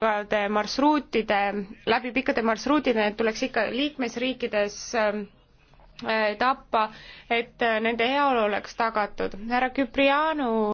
pikkade marsruutide, läbi pikkade marsruutide, need tuleks ikka liikmesriikides äh, tappa, et äh, nende heaolu oleks tagatud. härra Küprianu